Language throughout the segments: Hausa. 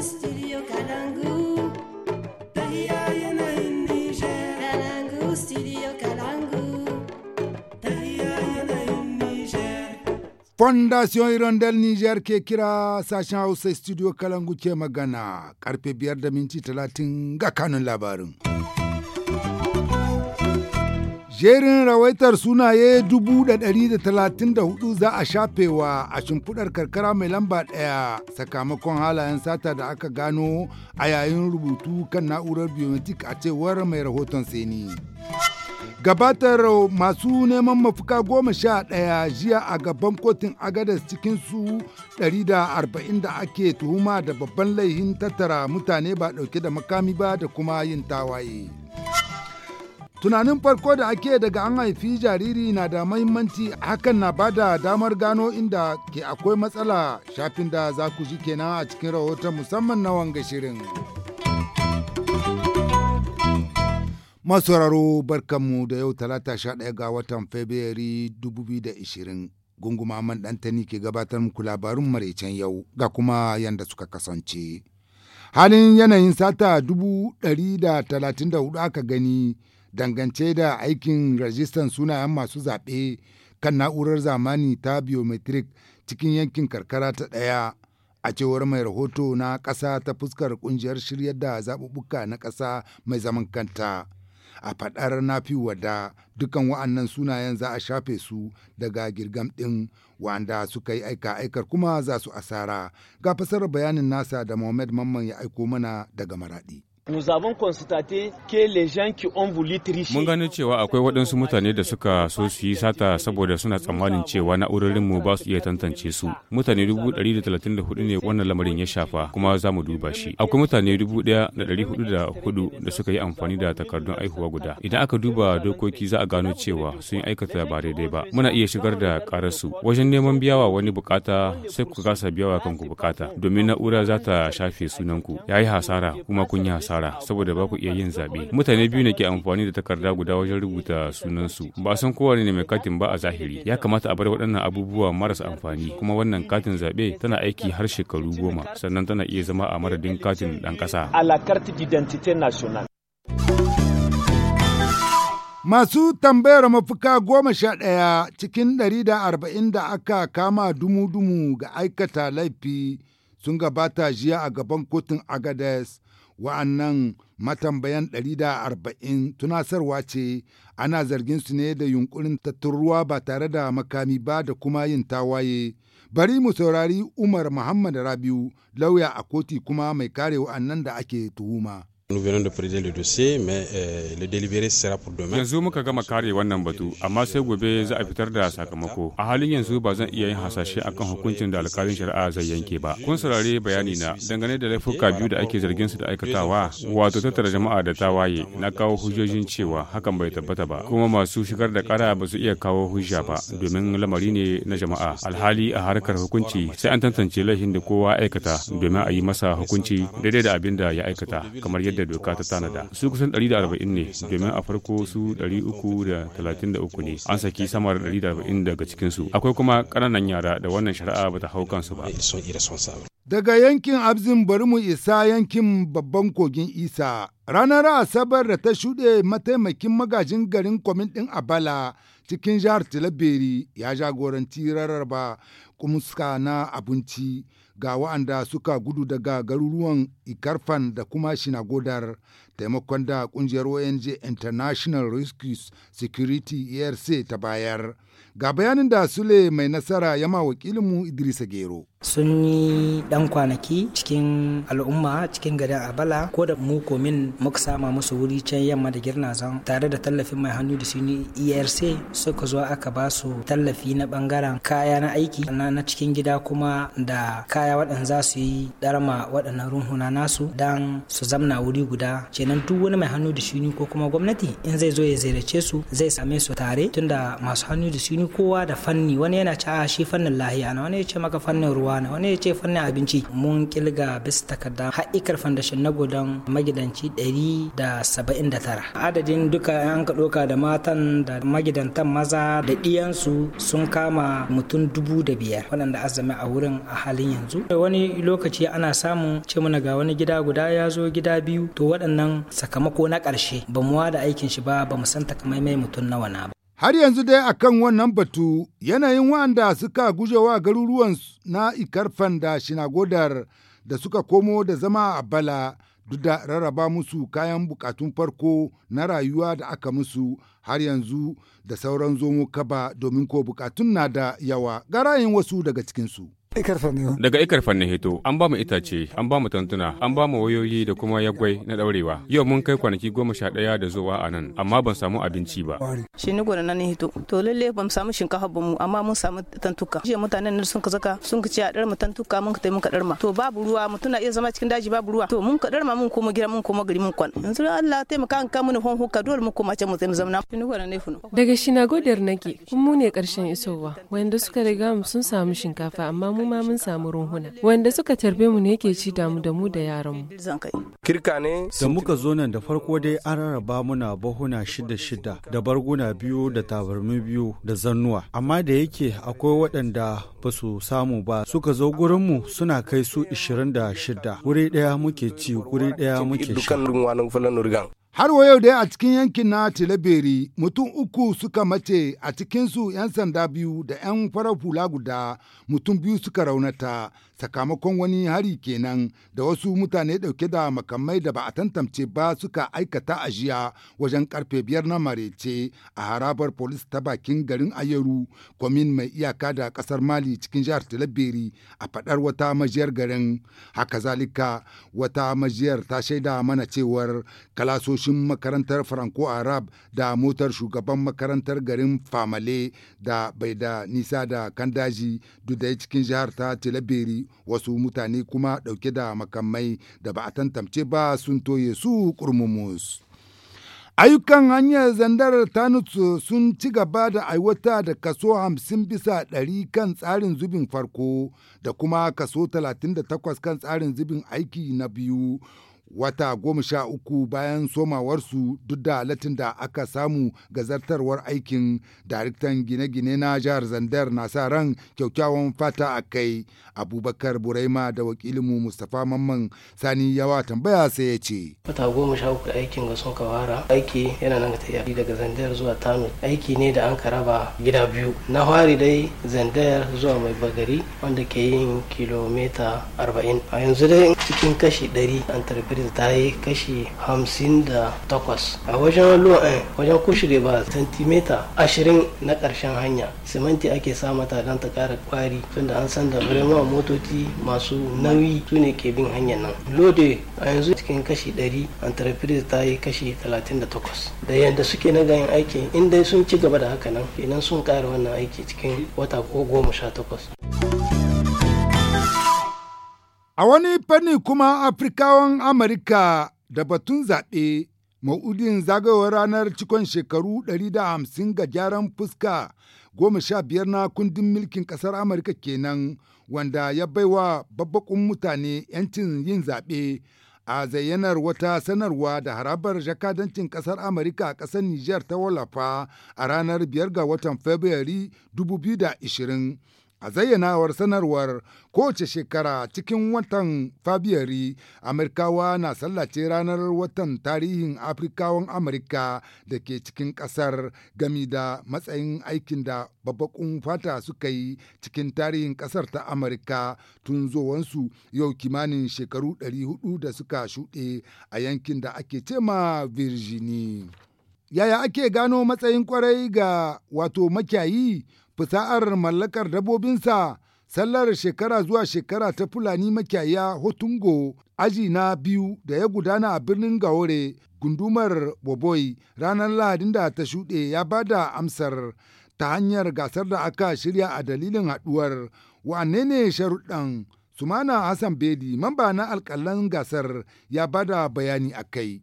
studio Fondation Hirondel Niger ke kira sashen Hausa studio Kalangu ke magana. Karfe biyar da minti talatin ga kanun labarin. jerin rawaitar sunaye 134 za a shafewa a shimfiɗar karkara mai lamba ɗaya sakamakon halayen sata da aka gano a yayin rubutu kan na'urar biometric a cewar mai rahoton seni gabatar masu neman mafuka goma sha ɗaya jiya a gaban kotun agadas cikin su 140 da ake tuhuma da babban laihin tattara mutane ba ɗauke da makami ba da kuma yin tawaye. Tunanin farko da ake daga an haifi jariri na da mahimmanci hakan na bada damar gano inda ke akwai matsala shafin da za ku ji kenan a cikin rahoton musamman na wanga shirin. Masauraro barkanmu da yau talata sha ɗaya ga watan Fabrairu 2020 gunguma man ɗantani ke gabatar muku labarin maraicen yau ga kuma yanda suka kasance. Halin yanayin sata dubu ɗari da talatin da hudu aka gani dangance da aikin rajistan sunayen masu zaɓe kan na'urar zamani ta biometric cikin yankin karkara ta ɗaya a cewar mai rahoto na ƙasa ta fuskar ƙungiyar shiryar da zaɓuɓɓuka na ƙasa mai zaman kanta a faɗar na fi wada dukan wa'annan sunayen za a shafe su daga girgam ɗin wa'anda suka yi aika aikar kuma za su asara ga fasarar bayanin nasa da Muhammad Mamman ya aiko mana daga maraɗi. Mun gano cewa akwai waɗansu mutane da suka so su yi sata saboda suna tsammanin cewa na'urorinmu ba su iya tantance su. Mutane 134 ne wannan lamarin ya shafa kuma za mu duba shi. Akwai mutane 1,404 da suka yi amfani da takardun aihuwa guda. Idan aka duba dokoki za a gano cewa sun yi aikata ba daidai ba. Muna iya shigar da ƙararsu. Wajen neman biyawa wani bukata sai ku kasa biyawa kanku bukata domin na'ura za ta shafe sunanku. Ya yi hasara kuma kun yi nasara saboda ba ku iya yin zaɓe. Mutane biyu ne ke amfani da takarda guda wajen rubuta sunansu. Ba san kowane ne mai katin ba a zahiri. Ya kamata a bar waɗannan abubuwa marasa amfani kuma wannan katin zaɓe tana aiki har shekaru goma sannan tana iya zama a madadin katin ɗan ƙasa. A carte d'identité nationale. Masu tambayar mafuka goma sha ɗaya cikin ɗari da arba'in da aka kama dumu-dumu ga aikata laifi sun gabata jiya a gaban kotun Agades wa'annan matambayan 140 tunasarwa ce ana zargin su ne da yunkurin tattaruwa ba tare da makami ba da kuma yin tawaye bari mu saurari umar muhammad rabiu lauya a koti kuma mai kare wa'annan da ake tuhuma Yanzu muka gama kare wannan batu, amma sai gobe za a fitar da sakamako. A halin yanzu ba zan iya yin hasashe akan hukuncin da alkalin shari'a zai yanke ba. Kun saurare bayani na dangane da laifuka biyu da ake zargin su da aikatawa, wato tattara jama'a da tawaye, na kawo hujjojin cewa hakan bai tabbata ba. Kuma masu shigar da kara ba su iya kawo hujja ba, domin lamari ne na jama'a. Alhali a harkar hukunci sai an tantance laifin da kowa aikata domin a yi masa hukunci daidai da abin da ya aikata, kamar yadda da doka ta tanada su kusan 140 ne domin a farko su 333 ne an saki samar da 140 daga cikinsu akwai kuma ƙananan yara da wannan shari'a bata hau kansu ba Daga yankin Abzin bari mu isa yankin babban kogin Isa. Ranar Asabar da ta shuɗe mataimakin magajin garin kwamin ɗin Abala cikin jihar Tilaberi ya jagoranci rarraba kumska na abinci ga wa'anda suka gudu daga garuruwan Ikarfan da kuma Shinagodar taimakon da ƙungiyar ONG International Rescue Security ERC ta bayar. Ga bayanin da Sule mai nasara ya yama wakilinmu Idrisa Gero. sun yi dan kwanaki cikin al'umma cikin garin abala ko da mu komin muka sama musu wuri can yamma da girnazan tare da tallafin mai hannu da suni erc e suka zo aka ba su tallafi na bangaren kaya na aiki na cikin gida kuma da kaya waɗanda za su yi darama waɗannan runhuna nasu dan su zamna wuri guda kenan duk wani mai hannu da shuni ko kuma gwamnati in zai zo ya ziyarce su zai same su tare tunda masu hannu da shuni kowa da fanni wani yana cewa ah, shi fannin lahiya wani ya ce maka fannin ruwa na wani ya ce fannin abinci mun kilga bisa takarda karfan fandashin na gudan magidanci 179 adadin duka an ka ɗauka da matan da magidantan maza da ɗiyansu sun kama mutum dubu da biyar waɗanda azumi a wurin a halin yanzu wani lokaci ana samun ce mana ga wani gida guda ya zo gida biyu to waɗannan sakamako na ƙarshe ba mu da aikin shi ba ba mu san takamaimai mutum nawa na ba Har yanzu dai a kan wannan batu yanayin wanda suka gujewa garuruwan na Ikarfan da Shinagodar da suka komo da zama a Bala duk da rarraba musu kayan bukatun farko na rayuwa da aka musu har yanzu da sauran zomo kaba domin ko bukatun na da yawa garayin wasu daga cikinsu. Daga ikar fanni hito, an ba mu itace, an ba mu tantuna, an ba mu wayoyi da kuma yagwai na daurewa. Yau mun kai kwanaki goma sha ɗaya da zuwa a nan, amma ban samu abinci ba. Shi ni gwada nan hito, to lalle ban samu shinkafa ba mu, amma mun samu tantuka. Jiya mutanen nan sun ka zaka, sun ka ce a ɗar mu tantuka mun ka taimaka ɗar ma. To babu ruwa, mutum na iya zama cikin daji babu ruwa. To mun ka ɗar ma mun koma gida mun koma gari mun kwan. Yanzu Allah taimaka an kamu ni hon huka dole mun koma can mu tsaye mu zamna. Shi ni gwada nan funo. Daga godiyar nake, kun mu ne ƙarshen isowa, wanda suka riga mu sun samu shinkafa amma mu ma mun samu ruhuna wanda suka tarbe mu ne yake ci damu da mu da yaran mu kirka ne da muka zo nan da farko dai an rarraba muna bahuna shida shida da barguna biyu da tabarmi biyu da zannuwa amma da yake akwai waɗanda ba su samu ba suka zo gurin mu suna kai su 26 wuri daya muke ci wuri daya muke sha Har wa yau dai a cikin yankin na Tilaberi mutum uku suka mace a cikinsu 'yan sanda biyu da 'yan farar hula guda mutum biyu suka raunata sakamakon wani hari kenan da wasu mutane dauke da makamai da ba a tantance ba suka aikata ajiya wajen karfe biyar na marece a harabar polis ta bakin garin ayeru komin mai iyaka da kasar mali cikin jihar talabiri a fadar wata majiyar garin haka zalika wata majiyar ta shaida mana cewar kalasoshin makarantar franco arab da motar shugaban makarantar garin famale da bai da nisa da kandaji duk da cikin jihar ta talabiri wasu mutane kuma dauke da makamai da ba a tantance ba sun toye su kurmumus. ayyukan hanyar zandar tanut sun ci gaba da aiwata da kaso 50 bisa 100 kan tsarin zubin farko da kuma kaso 38 kan tsarin zubin aiki na biyu wata goma sha uku bayan somawarsu duk da latin da aka samu gazartarwar aikin daraktan gine-gine na jihar zandar na sa ran kyaukyawan fata a kai abubakar buraima da wakilinmu mustapha mamman sani yawa tambaya sai ya ce wata goma sha uku aikin ga sun kawara aiki yana nan tafiya daga zandar zuwa tanu aiki ne da an raba gida biyu na fari dai zandar zuwa mai bagari wanda ke yin kilomita arba'in a yanzu dai cikin kashi 100 an tarbi da ta yi kashi hamsin da takwas a wajen lu'an eh, wajen kushire ba santimeta ashirin na ƙarshen hanya siminti ake sa mata don ta ƙara kwari tunda an san da birnin motoci masu nauyi su ne ke bin hanyar nan lode a yanzu cikin kashi ɗari entreprise ta yi kashi talatin da takwas da yadda suke na gayin aiki dai sun ci gaba da haka nan kenan sun ƙara wannan aiki cikin wata ko goma sha takwas A wani fanni kuma Afrikawan Amurka da batun zaɓe ma'udin zagayowar ranar cikon shekaru 150 ga gyaran fuska goma sha biyar na kundin milkin ƙasar Amurka kenan wanda ya baiwa babbakun mutane 'yancin yin zaɓe a zayyanar wata sanarwa da harabar jakadancin ƙasar Amurka a ƙasar Nijar ta wallafa a ranar 5 ga watan Fabrairu 2020. A zayyanawar sanarwar kowace shekara cikin watan Fabiyari, Amurkawa na sallace ranar watan tarihin afirkawan Amurka da ke cikin ƙasar gami da matsayin aikin da babbakun fata suka yi cikin tarihin ƙasar ta Amurka tun zowansu yau kimanin shekaru 400 da suka shuɗe a yankin da ake cema Virginie. Yaya ake gano matsayin kwarai ga wato makiyayi? fasa'ar mallakar dabobinsa sallar shekara zuwa shekara ta Fulani makiyaya Hotungo aji na biyu da ya gudana a birnin Gaore gundumar Boboi ranar Lahadin da ta shuɗe ya ba da amsar ta hanyar gasar da aka shirya a dalilin haɗuwar wane ne sharuɗan Sumana Hassan Bedi mamba na alƙalan gasar ya ba da bayani a kai.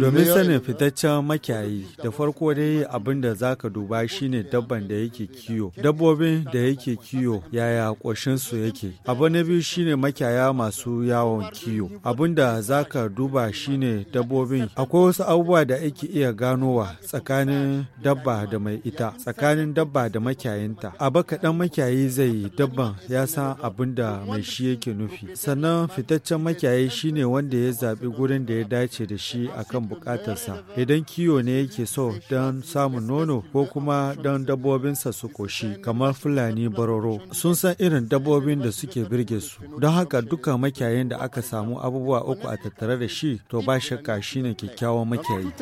Domin sanin fitaccen makiyayi da farko dai abin da za ka duba shine dabban da yake kiyo. Dabbobin da yake kiyo yaya ƙoshinsu yake. Abu na biyu shine makiyaya masu yawon kiyo. Abin da za ka duba shine dabbobin. Akwai wasu abubuwa da ake iya ganowa tsakanin dabba da mai ita, tsakanin dabba da makiyayinta. Abu kaɗan makiyayi zai yi dabban ya san abin da mai shi yake nufi. Sannan fitaccen makiyayi shine wanda ya zaɓi gurin da ya dace da shi akan bukatarsa idan kiwo ne yake so don samun nono ko kuma don dabbobinsa su koshi kamar fulani baroro sun san irin dabbobin da suke birge su don haka dukkan makiyayin da aka samu abubuwa uku a tattare da shi to ba shakka shine kyakkyawan makiyayi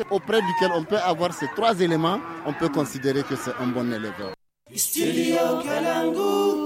Studio Kalangu.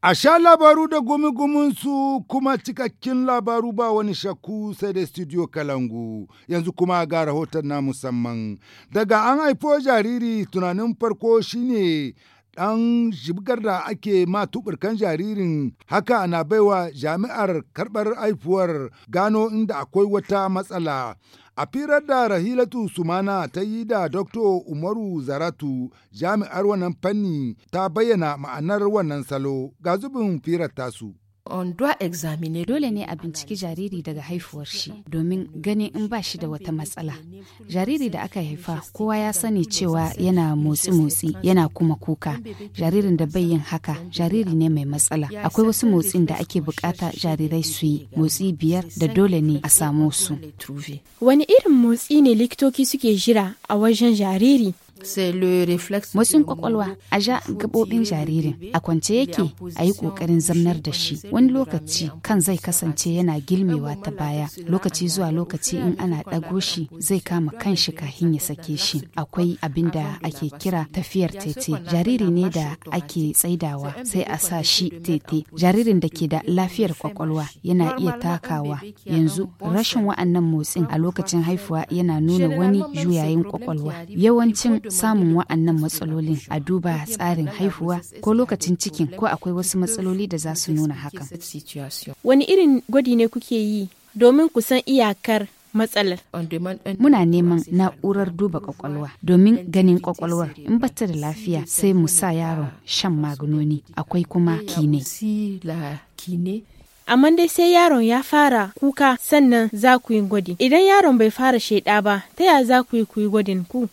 A sha labaru da gumi-guminsu kuma cikakkin labaru ba wani shakku sai da studio Kalangu yanzu kuma ga rahoton na musamman. Daga an haifo jariri tunanin farko shine ɗan shibgar da ake ma tuburkan jaririn haka na baiwa jami'ar karɓar haifuwar gano inda akwai wata matsala. A firar da Rahilatu Sumana ta yi da Dr. Umaru Zaratu jami'ar wannan fanni ta bayyana ma'anar wannan salo ga zubin firar tasu. on doit examiner dole ne a binciki jariri daga haifuwar shi domin gani in ba shi da wata matsala jariri da aka haifa kowa ya sani cewa yana motsi motsi yana kuma kuka jaririn da bai yin haka jariri ne mai matsala akwai wasu motsin da ake bukata jarirai su yi motsi biyar da dole ne a samu su wani irin motsi ne likitoki suke jira a wajen jariri wasu kwakwalwa a ja gaɓoɓin jaririn a kwance yake a yi ƙoƙarin zamnar da shi wani lokaci kan zai kasance yana gilmewa ta baya lokaci zuwa lokaci in ana ɗago shi zai kama kan shi kahin ya sake shi akwai abin da ake kira tafiyar tete jariri ne da ake tsaidawa sai a sa shi tete jaririn da ke da lafiyar kwakwalwa yana iya takawa yanzu rashin wa'annan motsin a lokacin haifuwa yana nuna wani juyayin kwakwalwa yawancin samun wa'annan matsalolin a duba tsarin haihuwa ko lokacin cikin ko akwai wasu matsaloli da za su nuna hakan. Wani irin gwadi ne kuke yi domin ku san iyakar matsalar. Muna neman na'urar duba kwakwalwa domin ganin kwakwalwar in bata da lafiya sai mu sa yaron shan maganoni akwai kuma kine. amma dai sai yaron ya fara kuka sannan za ku yi gwadi idan yaron bai fara sheda ba ta ya za ku yi ku yi gwadin ku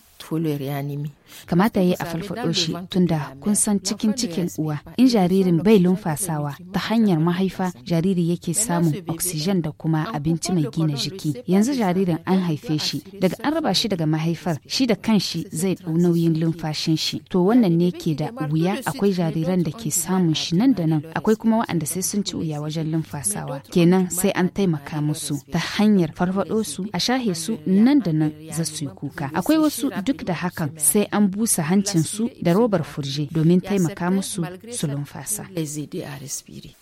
ya nemi kamata ya yi a farfaɗo shi tunda kun san cikin cikin uwa in jaririn bai lumfasawa ta hanyar mahaifa jariri yake samun oxygen da kuma abinci mai gina jiki yanzu jaririn an haife shi daga an raba shi daga mahaifar shi da kanshi zai ɗau nauyin lumfashin shi to wannan ne ke da wuya akwai jariran da ke samun shi nan da nan akwai kuma waɗanda sai sun ci wuya wajen fasawa kenan sai an taimaka musu ta hanyar farfaɗo su a shahe su nan da nan za su yi kuka akwai wasu duk da hakan sai an busa hancin su da robar furje domin taimaka musu su lumfasa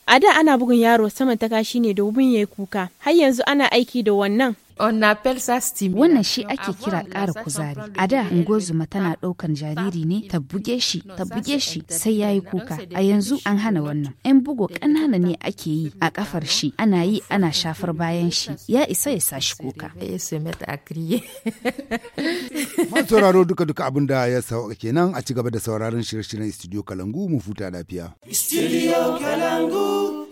a da ana bugun yaro saman ta kashi ne domin ya yi kuka har yanzu ana aiki da wannan Wannan shi ake kira ƙara kuzari. A da ngozuma tana ɗaukan jariri ne ta buge shi, ta buge shi sai yayi kuka. A yanzu an hana wannan. 'Yan bugo ƙanana ne ake yi a ƙafar shi, ana yi ana shafar bayan shi. Ya isa ya sa shi kuka. Man sauraro duka-duka abin da ya sauka kenan a ci gaba da sauraron shirye-shiryen Studio Kalangu mu futa lafiya. Studio Kalangu.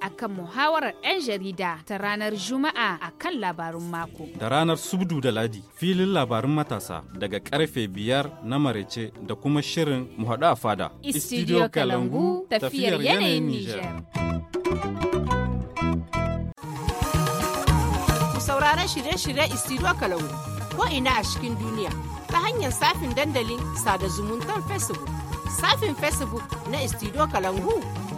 akan muhawarar 'yan jarida ta ranar Juma'a akan labarun mako. Da ranar Subdu da Ladi filin labarun matasa daga karfe biyar na marece da kuma shirin muhaɗu a fada. Istidiyo Kalangu tafiyar yanayin Nijar. Sauraron shirye-shirye Istidiyo Kalangu ko ina a cikin duniya ta hanyar safin dandalin sada zumuntar Facebook. Safin Facebook na Istidiyo Kalangu